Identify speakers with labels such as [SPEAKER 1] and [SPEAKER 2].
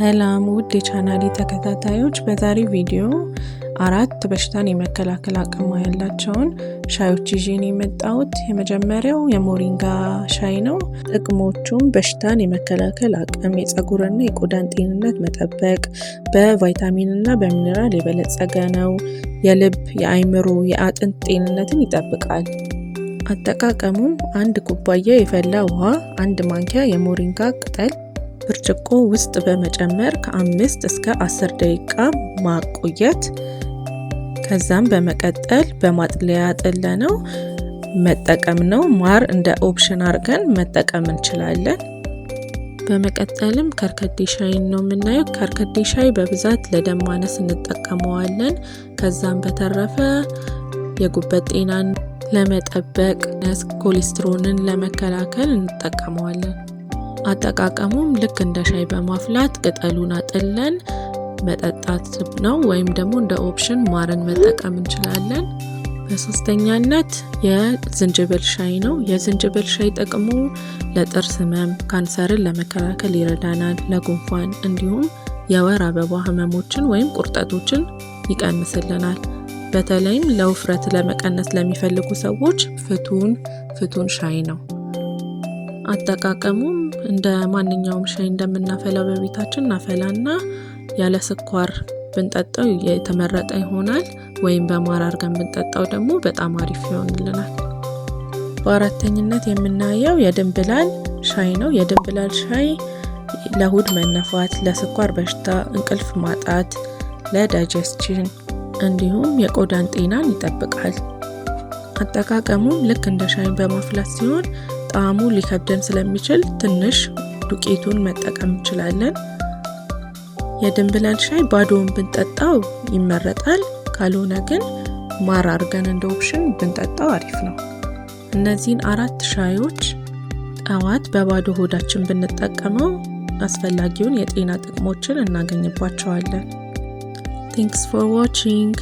[SPEAKER 1] ሰላም ውድ የቻናሌ ተከታታዮች፣ በዛሬ ቪዲዮ አራት በሽታን የመከላከል አቅም ያላቸውን ሻዮች ይዤ የመጣውት የመጀመሪያው የሞሪንጋ ሻይ ነው። ጥቅሞቹም በሽታን የመከላከል አቅም፣ የፀጉርና የቆዳን ጤንነት መጠበቅ፣ በቫይታሚንና በሚኒራል የበለጸገ ነው። የልብ የአይምሮ፣ የአጥንት ጤንነትን ይጠብቃል። አጠቃቀሙም አንድ ኩባያ የፈላ ውሃ፣ አንድ ማንኪያ የሞሪንጋ ቅጠል ብርጭቆ ውስጥ በመጨመር ከአምስት እስከ አስር ደቂቃ ማቆየት ከዛም በመቀጠል በማጥለያ ጥለ ነው መጠቀም ነው። ማር እንደ ኦፕሽን አድርገን መጠቀም እንችላለን። በመቀጠልም ከርከዴ ሻይን ነው የምናየው። ከርከዴ ሻይ በብዛት ለደም ማነስ እንጠቀመዋለን። ከዛም በተረፈ የጉበት ጤናን ለመጠበቅ፣ ኮሌስትሮልን ለመከላከል እንጠቀመዋለን። አጠቃቀሙም ልክ እንደ ሻይ በማፍላት ቅጠሉን አጥለን መጠጣት ነው፣ ወይም ደግሞ እንደ ኦፕሽን ማርን መጠቀም እንችላለን። በሶስተኛነት የዝንጅብል ሻይ ነው። የዝንጅብል ሻይ ጥቅሙ ለጥርስ ህመም፣ ካንሰርን ለመከላከል ይረዳናል፣ ለጉንፋን እንዲሁም የወር አበባ ህመሞችን ወይም ቁርጠቶችን ይቀንስልናል። በተለይም ለውፍረት ለመቀነስ ለሚፈልጉ ሰዎች ፍቱን ፍቱን ሻይ ነው። አጠቃቀሙም እንደ ማንኛውም ሻይ እንደምናፈላው በቤታችን እናፈላና ያለ ስኳር ብንጠጣው የተመረጠ ይሆናል። ወይም በማር አድርገን ብንጠጣው ደግሞ በጣም አሪፍ ይሆንልናል። በአራተኝነት የምናየው የድንብላል ሻይ ነው። የድንብላል ሻይ ለሁድ መነፋት፣ ለስኳር በሽታ፣ እንቅልፍ ማጣት፣ ለዳይጀስችን እንዲሁም የቆዳን ጤናን ይጠብቃል። አጠቃቀሙም ልክ እንደ ሻይን በማፍላት ሲሆን ጣዕሙ ሊከብደን ስለሚችል ትንሽ ዱቄቱን መጠቀም እንችላለን። የድንብላል ሻይ ባዶውን ብንጠጣው ይመረጣል። ካልሆነ ግን ማር አርገን እንደ ኦፕሽን ብንጠጣው አሪፍ ነው። እነዚህን አራት ሻዮች ጠዋት በባዶ ሆዳችን ብንጠቀመው አስፈላጊውን የጤና ጥቅሞችን እናገኝባቸዋለን። ቲንክስ ፎር ዋቺንግ